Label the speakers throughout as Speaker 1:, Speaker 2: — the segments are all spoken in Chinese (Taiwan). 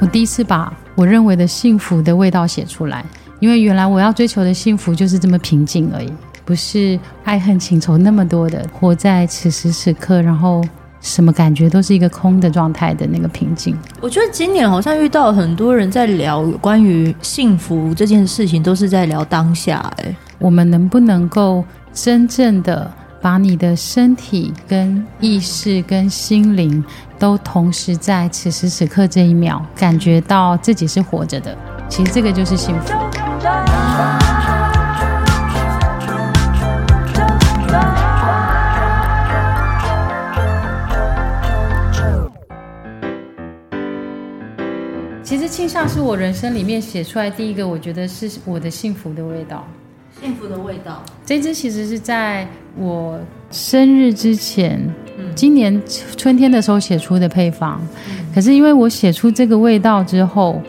Speaker 1: 我第一次把我認為的幸福的味道寫出來，因為原來我要追求的幸福就是這麼平靜而已，不是愛恨情仇那麼多的，活在此時此刻，然後什麼感覺都是一個空的狀態的那個平靜。
Speaker 2: 我覺得今年好像遇到很多人在聊關於幸福這件事情，都是在聊
Speaker 1: 當下。欸，哎，我們能不能夠真正的，把你的身體、跟意識、跟心靈，都同時在此時此刻這一秒，感覺到自己是活着的。其實這個就是幸福。其實沁夏是我人生裡面寫出來第一個，我覺得是我的幸福的味道。
Speaker 2: 幸福的味
Speaker 1: 道，這支其實是在我生日之前，嗯，今年春天的時候寫出的配方。可是因為我寫出這個味道之後，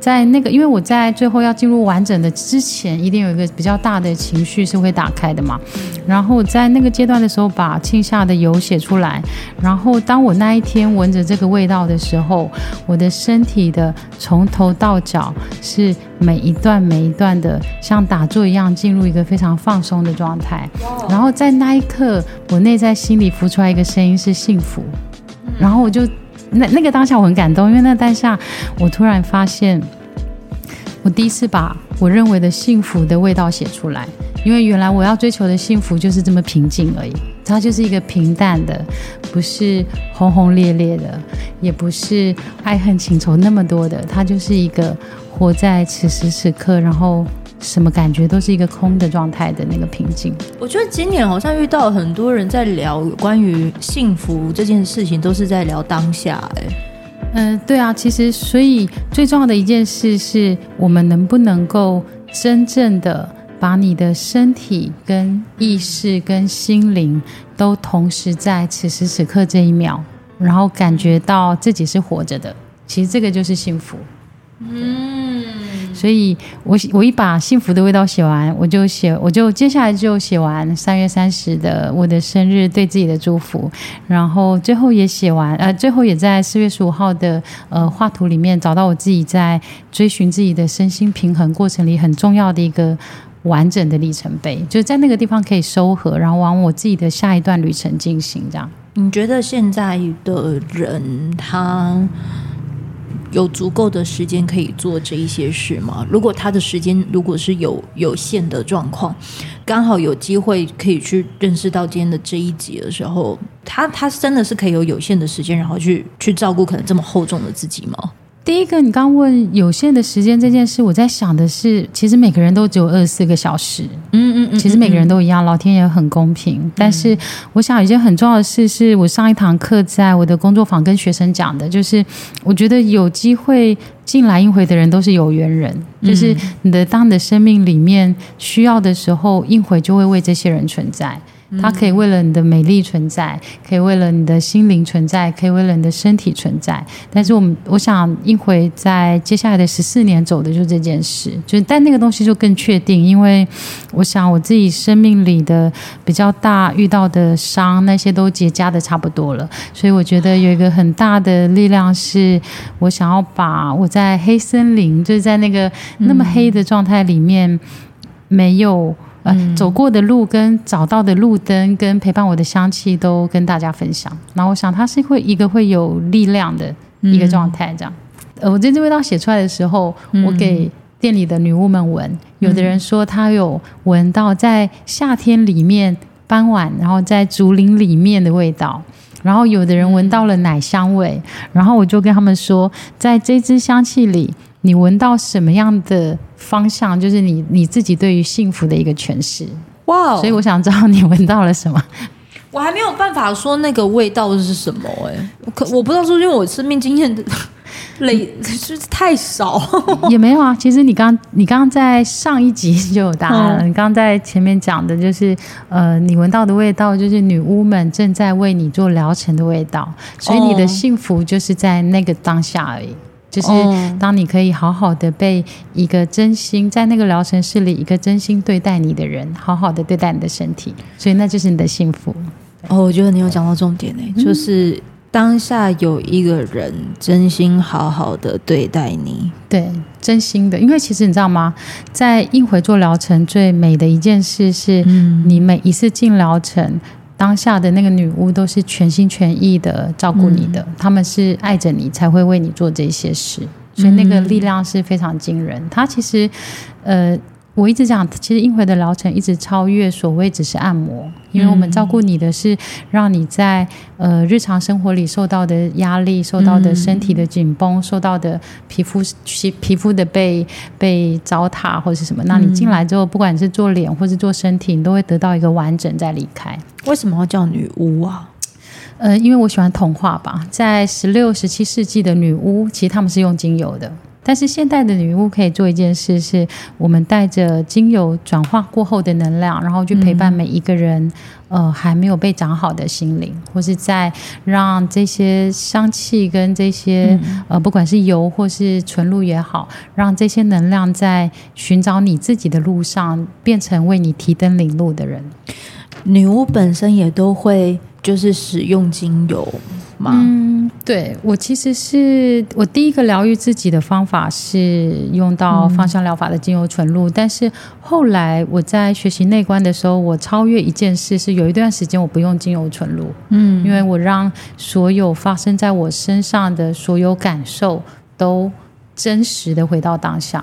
Speaker 1: 在那個，因為我在最後要進入完整的之前，一定有一個比較大的情緒是會打開的嘛。嗯、然後在那個階段的時候，把沁夏的油寫出來。然後當我那一天聞着這個味道的時候，我的身體的從頭到腳是每一段每一段的像打坐一樣進入一個非常放鬆的狀態。然後在那一刻，我內在心裡浮出來一個聲音是幸福，嗯、然後我就。那那個當下我很感動，因為那當下我突然發現，我第一次把我認為的幸福的味道寫出來。因為原來我要追求的幸福就是這麼平靜而已，它就是一個平淡的，不是轟轟烈烈的，也不是愛恨情仇那麼多的，它就是一個活在此時此刻，然後。什麼感覺都是一個空的狀態的那個平靜。
Speaker 2: 我覺得今年好像遇到很多人在聊關於幸福這件事情，都是在聊當下、欸。嗯、
Speaker 1: 呃，對啊，其實所以最重要的一件事是我們能不能夠真正的把你的身體、跟意識、跟心靈都同時在此時此刻這一秒，然後感覺到自己是活着的。其實這個就是幸福。嗯。所以我，我我一把幸福的味道寫完，我就寫，我就接下來就寫完三月三十的我的生日對自己的祝福，然後最後也寫完，呃，最後也在四月十五號的呃畫圖裡面找到我自己在追尋自己的身心平衡過程裡很重要的一個完整的里程碑，就在那個地方可以收合，然後往我自己的下一段旅程進行這樣。
Speaker 2: 你覺得現在的人他有足夠的時間可以做這一些事嗎？如果他的時間如果是有有限的狀況，剛好有機會可以去認識到今天的這一集的時候，他他真的是可以有有限的時間，然後去去照顧可能這麼厚重的自己嗎？
Speaker 1: 第一個，你剛問有限的時間這件事，我在想的是，其實每個人都只有二十四個小時，嗯嗯，嗯，嗯嗯，其實每個人都一樣，老天也很公平。嗯、但是，我想有一件很重要的事，是我上一堂課在我的工作坊跟學生講的，就是我覺得有機會進來印茴的人都是有緣人，嗯，就是你的當你的生命裡面需要的時候，印茴就會為這些人存在。它可以為了你的美麗存在，可以為了你的心靈存在，可以為了你的身體存在。但是我們，我想一回在接下來的十四年走的就是這件事，就是但那個東西就更確定，因為我想我自己生命裡的比較大遇到的傷那些都結痂的差不多了，所以我覺得有一個很大的力量是我想要把我在黑森林，就是在那個那麼黑的狀態裡面、嗯、沒有。呃、嗯，走過的路跟找到的路燈跟陪伴我的香氣都跟大家分享。然後我想，它是會一個會有力量的一個狀態這樣、嗯。呃，我這支味道寫出來的時候、嗯，我給店裡的女巫們聞、嗯，有的人說他有聞到在夏天裡面傍晚，然後在竹林裡面的味道。然後有的人聞到了奶香味。然後我就跟他們說，在這支香氣裡，你聞到什麼樣的？方向，就是你你自己對於幸福的一個詮釋。哇、wow，所以我想知道你聞到了什麼。
Speaker 2: 我還沒有辦法說那個味道是什麼誒、欸，我可我不知道說，因為我生命經驗的累
Speaker 1: 是，是太少， 也沒有啊。其實你剛你剛剛在上一集就有答案了，嗯、你剛剛在前面講的就是呃，你聞到的味道就是女巫們正在為你做療程的味道，所以你的幸福就是在那個當下而已。Oh. 就是當你可以好好的被一個真心，在那個療程室裡一個真心對待你的人好好的對待你的身體，所以那就是你的幸福。哦，我覺得你有講到重點呢，就是當下有一個人真心好好的對待你，對，真心的。因為其實你知道嗎，在印茴做療程最美的一件事是，你每一次進療程。當下的那個女巫都是全心全意的照顧你的，她、嗯、們是愛着你才會為你做這些事，所以那個力量是非常驚人。她、嗯、其實，呃。我一直講，其實印茴的療程一直超越所謂只是按摩，因為我們照顧你的是讓你在、嗯、呃日常生活裡受到的壓力、受到的身體的緊繃、嗯、受到的皮膚皮膚的被被糟蹋或者是什麼、嗯。那你進來之後，不管是做臉或者做身體，你都會得到一個完整再離開。為什麼要叫女巫啊？呃，因為我喜歡童話吧，在十六、十七世紀的女巫，其實他們是用精油的。但是現代的女巫可以做一件事，是我們帶着精油轉化過後的能量，然後去陪伴每一個人，嗯、呃，還沒有被長好的心靈，或是在讓這些香氣跟這些呃，不管是油或是純露也好，讓這些能量在尋找你自己的路上，變成為你提燈領路的人。女巫本身也都會就
Speaker 2: 是使用精油。嗯，
Speaker 1: 對，我其實是我第一個療癒自己的方法是用到芳香療法的精油純露，嗯，但是後來我在學習內觀的時候，我超越一件事是有一段時間我不用精油純露，嗯，因為我讓所有發生在我身上的所有感受都真實的回到當下。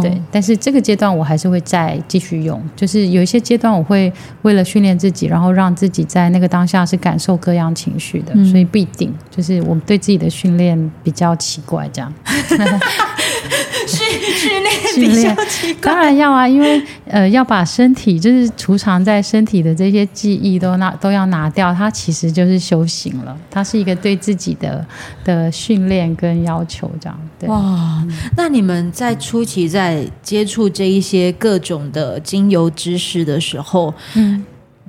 Speaker 1: 對，但是這個階段我還是會再繼續用，就是有一些階段我會為了訓練自己，然後讓自己在那個當下是感受各樣情緒的，嗯、所以不一定，就是我們對自己的訓練比較奇怪這樣。 訓 訓練比較奇怪。當然要啊，因為呃要把身體就是儲藏在身體的這些記憶都拿都要拿掉，它其實就是修行了，它是一個對自己的的訓練跟要求這樣。對哇，
Speaker 2: 那你們在初期在接觸這一些各種的精油知識的時候，嗯，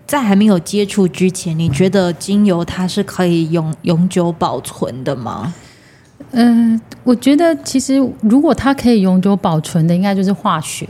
Speaker 2: 在還沒有接觸之前，你覺得精油它是可以永永久保存的嗎？
Speaker 1: 嗯、呃，我覺得其實如果它可以永久保存的，應該就是化學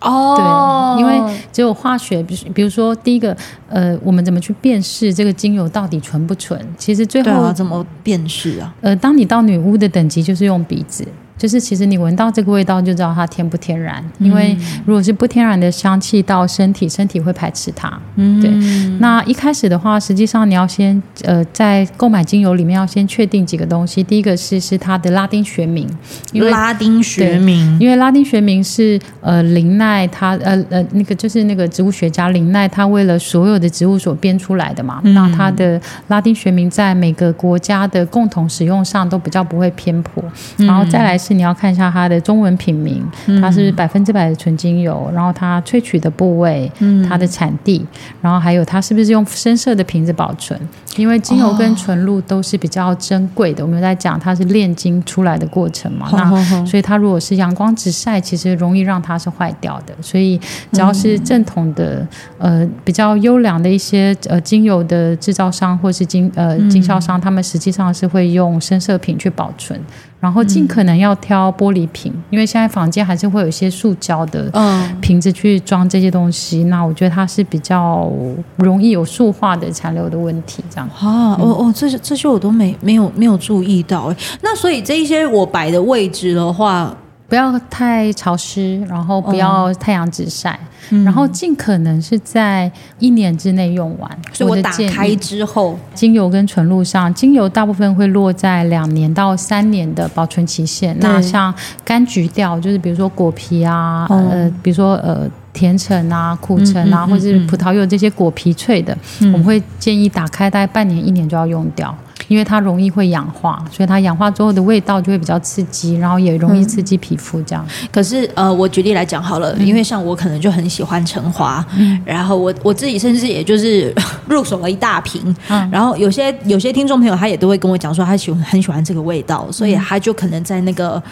Speaker 1: 哦。Oh. 對，因為只有化學，比比如說第一個，呃，我們怎麼去辨識這個精油到底純不純？其實最後、啊、要怎麼辨識啊？呃，當你到女巫的等級，就是用鼻子。就是其實你聞到這個味道就知道它天不天然，嗯、因為如果是不天然的香氣到身體，身體會排斥它。嗯。對。那一開始的話，實際上你要先呃，在購買精油裡面要先確定幾個東西。第一個是是它的拉丁學名，
Speaker 2: 因為拉丁學名，因
Speaker 1: 為拉丁學名是呃林奈他呃呃那個就是那個植物學家林奈他為了所有的植物所編出來的嘛。嗯、那他的拉丁學名在每個國家的共同使用上都比較不會偏頗，嗯、然後再來是。你要看一下它的中文品名，它是百分之百的純精油，然後它萃取的部位，它的產地，然後還有它是不是用深色的瓶子保存？因為精油跟純露都是比較珍貴的，哦、我們在講它是煉金出來的過程嘛，哦、那、哦、所以它如果是陽光直曬，其實容易讓它是壞掉的。所以只要是正統的、嗯、呃比較優良的一些呃精油的製造商或是經呃經銷商、嗯，他們實際上是會用深色瓶去保存。然後盡可能要挑玻璃瓶，嗯、因為現在坊間還是會有一些塑膠的瓶子去裝這些東西。嗯、那我覺得它是比較容易有塑化的殘留的問題。這樣、啊、哦哦，這些這些我都沒沒有沒有注意到。那所以這一些我擺的位置的話，不要太潮濕，然後不要太陽直曬。嗯然後盡可能是在一年之內用完。嗯、所以我打開之後，精油跟純露上，精油大部分會落在兩年到三年的保存期限。嗯、那像柑橘調，就是比如說果皮啊，嗯、呃，比如說呃甜橙啊、苦橙啊、嗯嗯嗯，或者是葡萄柚這些果皮萃的，嗯、我們會建議打開大概半年、一年就要用掉。因為它容易會氧化，所以它氧化之後的味道就會比較刺激，然後也容易刺激皮膚這樣。嗯、
Speaker 2: 可是呃，我舉例來講好了，嗯，因為像我可能就很喜歡橙花，嗯，然後我我自己甚至也就是入手了一大瓶，嗯，然後有些有些聽眾朋友他也都會跟我講說他喜歡很喜歡這個味道，所以他就可能在那個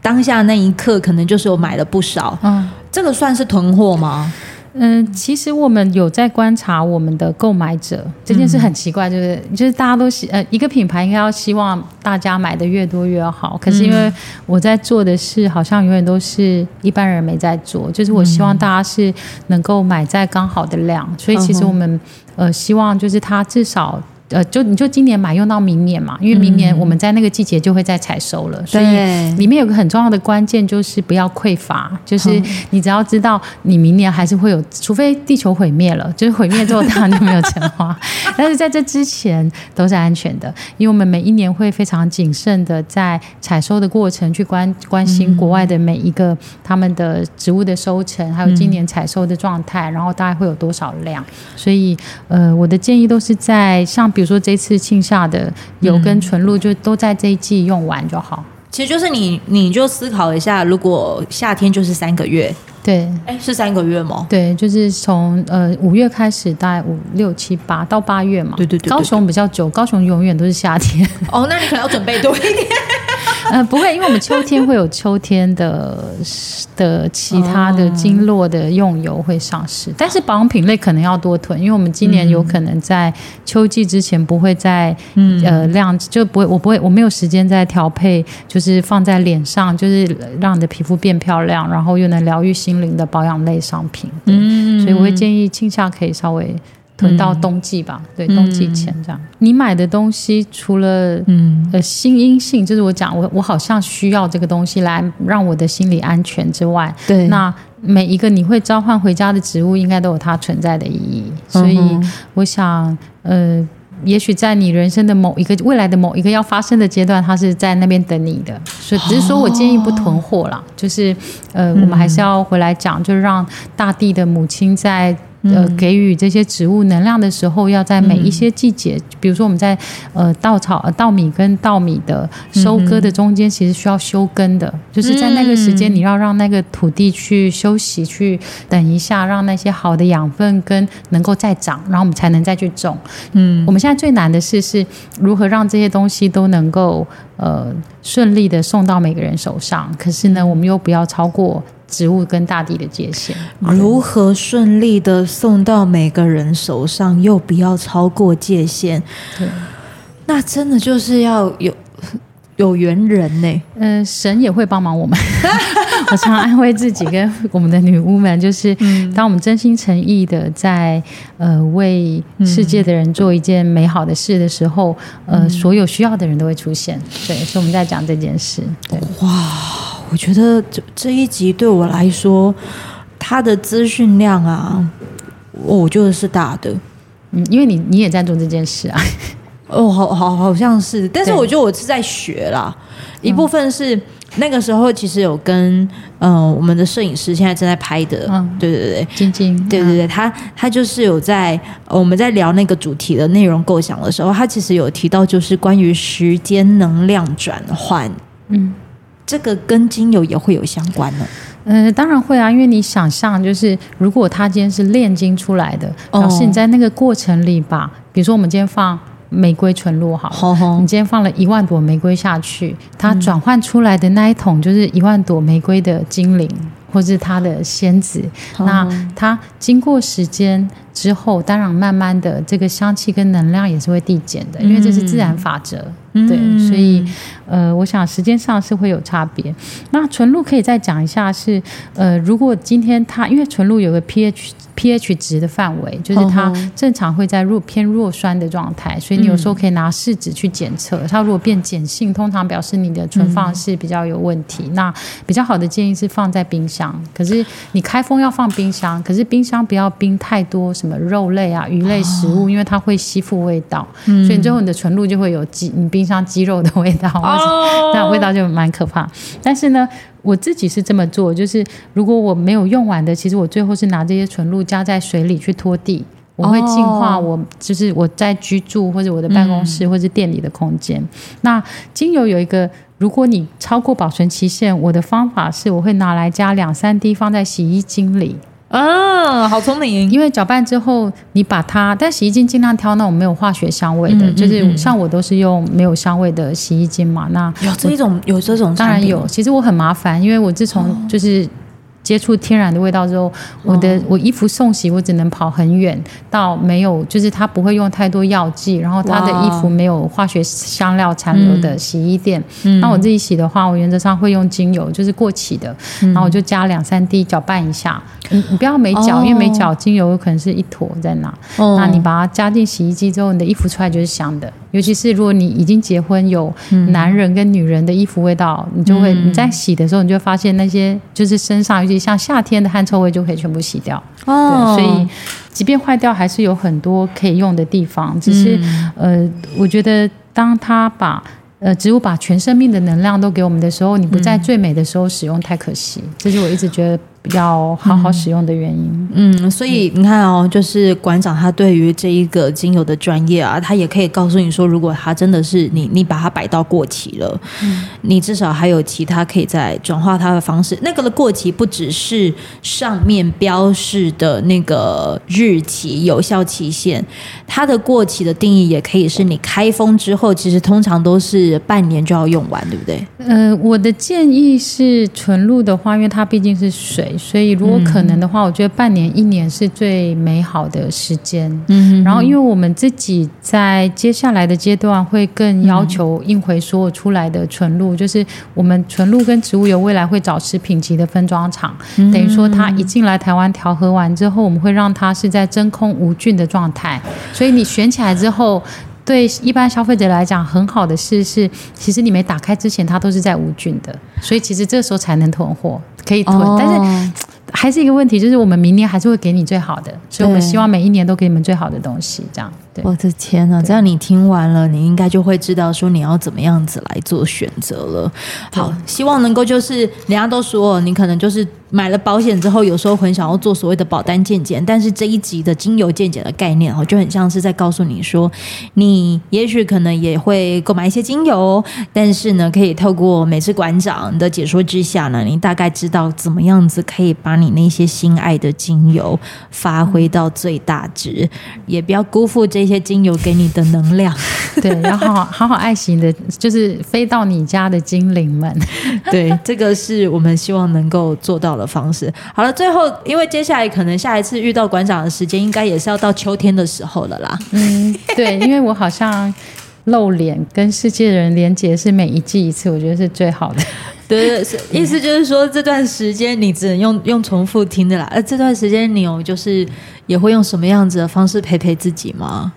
Speaker 2: 當下那一刻可能就是我買了不少，嗯，這個算是囤貨嗎？
Speaker 1: 嗯，其實我們有在觀察我們的購買者。這件事很奇怪，就是就是大家都希呃，一個品牌應該要希望大家買的越多越好。可是因為我在做的事好像永遠都是一般人沒在做，就是我希望大家是能夠買在剛好的量，所以其實我們呃希望就是他至少。呃，就你就今年買用到明年嘛，因為明年我們在那個季節就會再採收了，嗯，所以裡面有個很重要的關鍵就是不要匱乏，就是你只要知道你明年還是會有，除非地球毀滅了，就是毀滅之後大就沒有錢花， 但是在這之前都是安全的，因為我們每一年會非常謹慎的在採收的過程去關關心國外的每一個他們的植物的收成，嗯，還有今年採收的狀態，然後大概會有多少量，所以呃，我的建議都是在上。比如說這次沁夏的油跟純露、嗯、就都在這一季用完就好。
Speaker 2: 其實就是你，你就思考一下，如果夏天就是三個月，對，哎，是三個月嗎？
Speaker 1: 對，就是從呃五月開始，大概五六七八到八月嘛。對對，對對對。高雄比較久，高雄永遠都是夏天。
Speaker 2: 哦，那你可能要準備多一點。
Speaker 1: 呃，不會，因為我們秋天會有秋天的 的其他的經絡的用油會上市，哦、但是保養品類可能要多囤，因為我們今年有可能在秋季之前不會再、嗯、呃量就不會，我不會我沒有時間再調配，就是放在臉上，就是讓你的皮膚變漂亮，然後又能療癒心靈的保養類商品，對嗯，所以我會建議沁夏可以稍微。囤到冬季吧、嗯，對，冬季前這樣、嗯。你買的東西除了，嗯，呃，心因性，就是我講，我我好像需要這個東西來讓我的心理安全之外，對。那每一個你會召喚回家的植物，應該都有它存在的意義。所以我想，嗯、呃，也許在你人生的某一個未來的某一個要發生的階段，它是在那邊等你的。所以只是說我建議不囤貨了、哦，就是，呃、嗯，我們還是要回來講，就是讓大地的母親在。呃，給予這些植物能量的時候，要在每一些季節，嗯、比如說我們在呃稻草、稻米跟稻米的收割的中間，其實需要休耕的、嗯，就是在那個時間，你要讓那個土地去休息、嗯，去等一下，讓那些好的養分跟能夠再長，然後我們才能再去種。嗯，我們現在最難的事是，是如何讓這些東西都能夠呃順利的送到每個人手上，可是呢，我們又不要超過。植物跟大地的界限，如何
Speaker 2: 順利的送到每個人手上，又不要超過界限？
Speaker 1: 對，那真的就是要有有緣人呢。嗯、呃，神也會幫忙我們。 我常安慰自己跟我們的女巫們，就是當我們真心誠意的在呃為世界的人做一件美好的事的時候，呃，所有需要的人都會出現。對，所以我們在講這件事。對，哇。
Speaker 2: 我覺得這這一集對我來說，他的資訊量啊，我覺得是大的。嗯，因為你你也在做這件事啊，哦，好好好像是，但是我覺得我是在學啦。一部分是那個時候其實有跟嗯、呃、我們的攝影師現在正在拍的，嗯，對對對，晶晶、嗯，對對對，他他就是有在我們在聊那個主題的內容構想的時候，他其實有提到就是關於時間能量轉換，嗯。這
Speaker 1: 個跟精油也會有相關的，嗯、呃，當然會啊，因為你想象就是，如果它今天是煉金出來的，表示你在那個過程裡吧，oh. 比如說我們今天放玫瑰純露，好，oh, oh. 你今天放了一萬朵玫瑰下去，它轉換出來的那一桶就是一萬朵玫瑰的精靈，或是它的仙子，oh, oh. 那它經過時間。之後，當然慢慢的這個香氣跟能量也是會遞減的，因為這是自然法則。嗯嗯對，所以呃，我想時間上是會有差別。那純露可以再講一下是，是呃，如果今天它因為純露有個 pH pH 值的範圍，就是它正常會在弱偏弱酸的狀態，所以你有時候可以拿試紙去檢測。它如果變鹼性，通常表示你的存放是比較有問題。那比較好的建議是放在冰箱，可是你開封要放冰箱，可是冰箱不要冰太多。什麼肉類啊、魚類食物，因為它會吸附味道，哦、所以最後你的純露就會有雞，你冰箱雞肉的味道，嗯、那味道就蠻可怕，哦。但是呢，我自己是這麼做，就是如果我沒有用完的，其實我最後是拿這些純露加在水裡去拖地，我會淨化我、哦，就是我在居住或者我的辦公室或者店裡的空間、嗯。那精油有一個，如果你超過保存期限，我的方法是我會拿來加兩三滴放在洗衣精裡。嗯嗯、哦，好聰明！因為攪拌之後，你把它，但洗衣精儘量挑那種沒有化學香味的，嗯嗯嗯，就是像我都是用沒有香味的洗衣精嘛，嗯。那有這種，有這種，當然有。其實我很麻煩，因為我自從就是。哦接觸天然的味道之後，我的我衣服送洗，我只能跑很遠到沒有，就是他不會用太多藥劑，然後他的衣服沒有化學香料殘留的洗衣店、嗯。那我自己洗的話，我原則上會用精油，就是過期的，嗯、然後我就加兩三滴，攪拌一下、嗯。你不要沒攪、哦，因為沒攪精油可能是一坨在那、哦、那你把它加進洗衣機之後，你的衣服出來就是香的。尤其是如果你已經結婚，有男人跟女人的衣服味道，嗯、你就會你在洗的時候，你就發現那些就是身上。像夏天的汗臭味就可以全部洗掉哦，所以即便壞掉還是有很多可以用的地方。只是、嗯、呃，我覺得當它把呃植物把全生命的能量都給我們的時候，你不在最美的時候使用太可惜。嗯、這是我一直覺得要好好使用的原因，嗯。嗯，
Speaker 2: 所以你看哦，就是館長他對於這一個精油的專業啊，他也可以告訴你說，如果他真的是你，你把它擺到過期了，嗯，你至少還有其他可以再轉化它的方式。那個的過期不只是上面標示的那個日期有效期限，它的過期的定義也可以是你開封之後，其實通常都是半年就要用完，對不對？嗯、
Speaker 1: 呃，我的建議是純露的話，因為它畢竟是水。所以，如果可能的話，嗯、我覺得半年、一年是最美好的時間。嗯，然後，因為我們自己在接下來的階段會更要求印茴所有出來的純露、嗯，就是我們純露跟植物油未來會找食品級的分裝廠、嗯，等於說它一進來台灣調和完之後，我們會讓它是在真空無菌的狀態。所以你選起來之後，對一般消費者來講，很好的事是，其實你沒打開之前，它都是在無菌的，所以其實這時候才能囤貨。可以脫，但是。還是一個問題，就是我們明年還是會給你最好的，所以我們希望每一年都給你們最好的東西，這樣。對我的天吶。只要你聽
Speaker 2: 完了，你應該就會知道說你要怎麼樣子來做選擇了。好，希望能夠就是人家都說你可能就是買了保險之後，有時候很想要做所謂的保單健檢，但是這一集的精油健檢的概念，哦，就很像是在告訴你說，你也許可能也會購買一些精油，但是呢，可以透過美智館長的解說之下呢，你大概知道怎麼樣子可以把。你那些心愛的精油發揮到最大值，嗯、也不要辜負這些精油給你的能量。對，要好好、好好愛惜你的，就是飛到你家的精靈們。對，這個是我們希望能夠做到的方式。好了，最後因為接下來可能下一次遇到館長的時間，應該也是要到秋天
Speaker 1: 的時候了啦。嗯，對，因為我好像露臉跟世界的人連接是每一季一次，我覺得是最好的。對，對，意思就
Speaker 2: 是說這段時間你只能用用重複聽的啦。呃，這段時間你有就是也會用什麼樣子的方式陪陪自己嗎？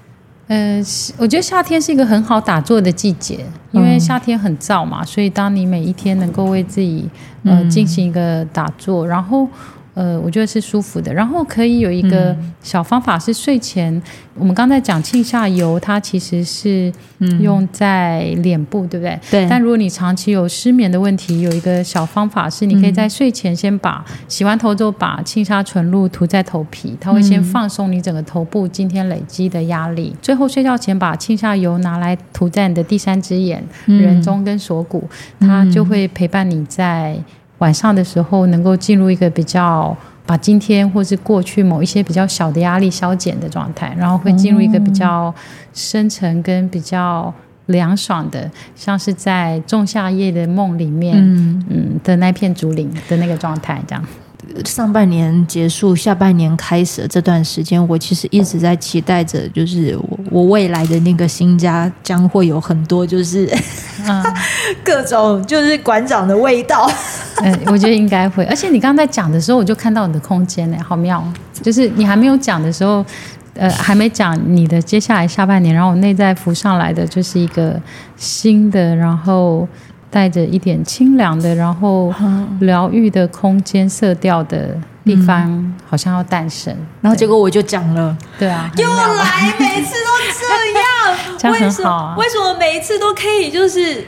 Speaker 1: 呃，我覺得夏天是一個很好打坐的季節，因為夏天很燥嘛，所以當你每一天能夠為自己呃進行一個打坐，然後。呃，我覺得是舒服的。然後可以有一個小方法是睡前，嗯、我們剛才講沁夏油，它其實是用在臉部、嗯，對不對？對。但如果你長期有失眠的問題，有一個小方法是，你可以在睡前先把、嗯、洗完頭之後把沁夏純露塗在頭皮，它會先放鬆你整個頭部、嗯、今天累積的壓力。最後睡覺前把沁夏油拿來塗在你的第三隻眼、嗯、人中跟鎖骨，它就會陪伴你在。晚上的時候，能夠進入一個比較把今天或是過去某一些比較小的壓力消減的狀態，然後會進入一個比較深沉跟比較涼爽的，像是在仲夏夜的夢裡面，嗯的那片竹林的那個狀態，這樣。上半年結束，下半年開
Speaker 2: 始的這段時間，我其實一直在期待着，就是我未來的那個新家
Speaker 1: 將會有很多，就是啊，各種就是館長的味道，uh。 嗯，我覺得應該會。而且你剛剛在講的時候，我就看到你的空間哎、欸，好妙！就是你還沒有講的時候，呃，還沒講你的接下來下半年，然後我內在浮上來的就是一個新的，然後。帶着一點清涼的，然後療癒的空間色調的地方，嗯、好像要誕生。然後結
Speaker 2: 果我就講了，對啊，又來，每次都這樣， 這
Speaker 1: 樣、啊、為什麼？
Speaker 2: 為什麼每一次都可以就是？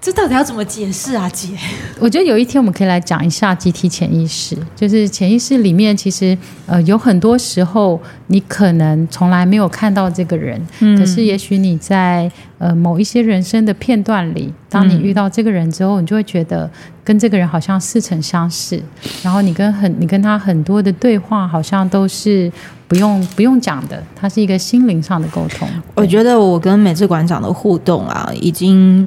Speaker 2: 這到底要怎麼解釋啊，姐？
Speaker 1: 我覺得有一天我們可以來講一下集體潛意識，就是潛意識裡面其實呃有很多時候你可能從來沒有看到這個人，嗯，可是也許你在呃某一些人生的片段裡，當你遇到這個人之後，嗯，你就會覺得跟這個人好像似曾相識，然後你跟很你跟他很多的對話好像都是不用不用講的，他是一個心靈上的溝通。
Speaker 2: 我覺得我跟美智館長的互動啊，已經。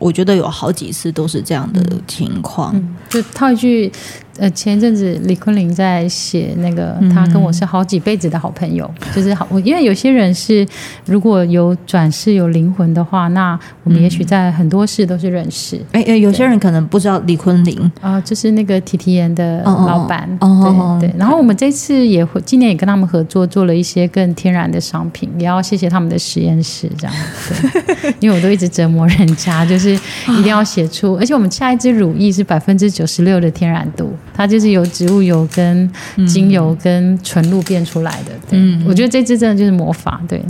Speaker 2: 我覺得有好幾次都是這樣的情況，
Speaker 1: 嗯，就套一句。呃，前陣子李昆霖在寫那個，他跟我是好幾輩子的好朋友，嗯，就是好，因為有些人是如果有轉世有靈魂的話，那我們也許在很多世都是認識，嗯欸欸。有些人可能不知道李昆霖啊，就是那個提提研的老闆，哦哦，對對。然後我們這次也會今年也跟他們合作，做了一些更天然的商品，也要謝謝他們的實驗室這樣子。因為 我都一直折磨人家，就是一定要寫出，啊，而且我們下一支乳液是百分之九十六的天然度。它就是由植物油、跟精油、跟純露變出來的。嗯，對，嗯，我覺得這支真的就是魔法。對，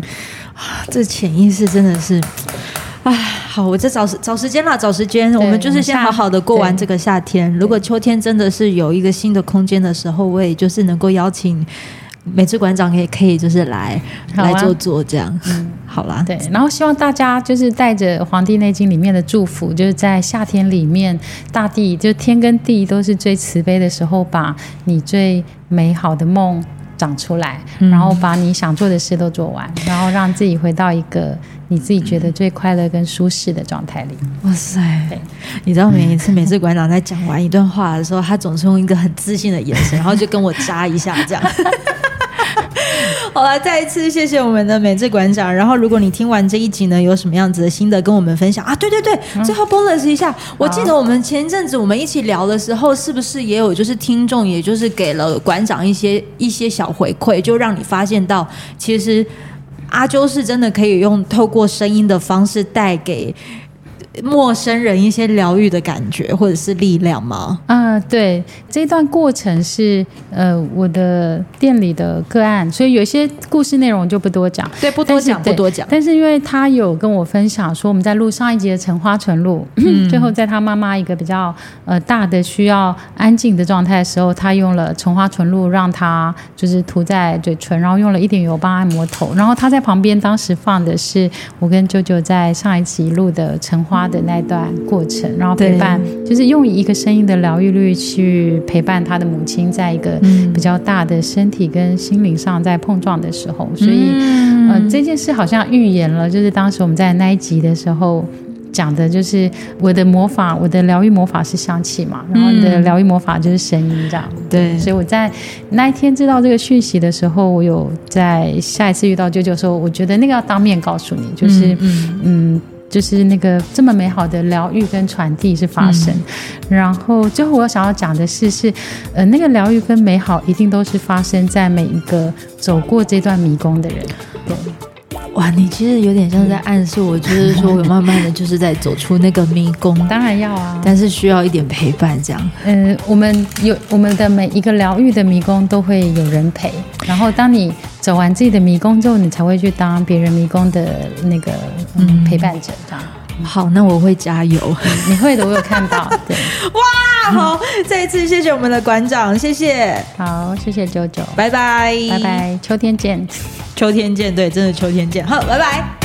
Speaker 1: 啊，這潛意識真的是，
Speaker 2: 唉，好，我在找時找時間啦，找時間。對。我們就是先好好的過完這個夏天。如果秋天真的是有一個新的空間的時候，我也就是能夠邀請。
Speaker 1: 每次美智館長可以可以就是來、啊、來做做這樣，嗯、好了、啊。對，然後希望大家就是帶着《黃帝內經》裡面的祝福，就是在夏天裡面，大地就天跟地都是最慈悲的時候，把你最美好的夢長出來，然後把你想做的事都做完、嗯，然後讓自己回到一個你自己覺得最快樂跟舒適的狀態裡、嗯。
Speaker 2: 哇塞！
Speaker 1: 你知道每每次美
Speaker 2: 智館長在講完一段話的時候、嗯，他總是用一個很自信的眼神，然後就跟我扎一下這樣。 好了，再一次謝謝我們的美智館長。然後，如果你聽完這一集呢，有什麼樣子的心得跟我們分享啊？對對對，最後 bonus 一下、嗯，我記得我們前陣子我們一起聊的時候，是不是也有就是聽眾，也就是給了館長一些一些小回饋，就讓你發現到其實阿啾是真的可以用透過聲音的方式帶給陌生人一些療癒的感覺，或者是力量嗎？
Speaker 1: 啊、呃，對，這段過程是呃我的店裡的個案，所以有些故事內容就不多講。對，不多講，不多講。但是因為他有跟我分享說，我們在錄上一集的橙花純露、嗯，最後在他媽媽一個比較呃大的需要安靜的狀態的時候，他用了橙花純露，讓他就是塗在嘴唇，然後用了一點油幫按摩頭，然後他在旁邊當時放的是我跟舅舅在上一集錄的橙花的那段過程，然後陪伴，就是用一個聲音的療癒力去陪伴他的母親，在一個比較大的身體跟心靈上在碰撞的時候、嗯，所以，呃，這件事好像預言了，就是當時我們在那一集的時候講的，就是我的魔法，我的療癒魔法是香氣嘛，嗯、然後你的療癒魔法就是聲音，這樣對。所以我在那一天知道這個訊息的時候，我有在下一次遇到舅舅的時候，我覺得那個要當面告訴你，就是，嗯，嗯。嗯就是那個這麼美好的療癒跟傳遞是發生，嗯，然後最後我想要講的是，是呃那個療癒跟美好一定都是發生在每一個走過這段迷宮的人。對，哇，你其實有點像
Speaker 2: 在暗示我，嗯，就是說我有慢慢的就是在走出那個迷宮。當然要啊，但是需要一點陪伴這樣。嗯，
Speaker 1: 我們有我們的每一個療癒的迷宮都會有人陪，然後當你。走完自己的迷宮之後，你才會去當別人迷宮的那個陪伴者，對、嗯、這樣。好，那我會加油， 你會的，我有看到。對
Speaker 2: 哇，好、嗯，再一次謝謝我們的館長，謝謝，好，謝謝啾啾，拜拜，拜拜，秋天見，秋天見，對，真的秋天見，好，拜拜。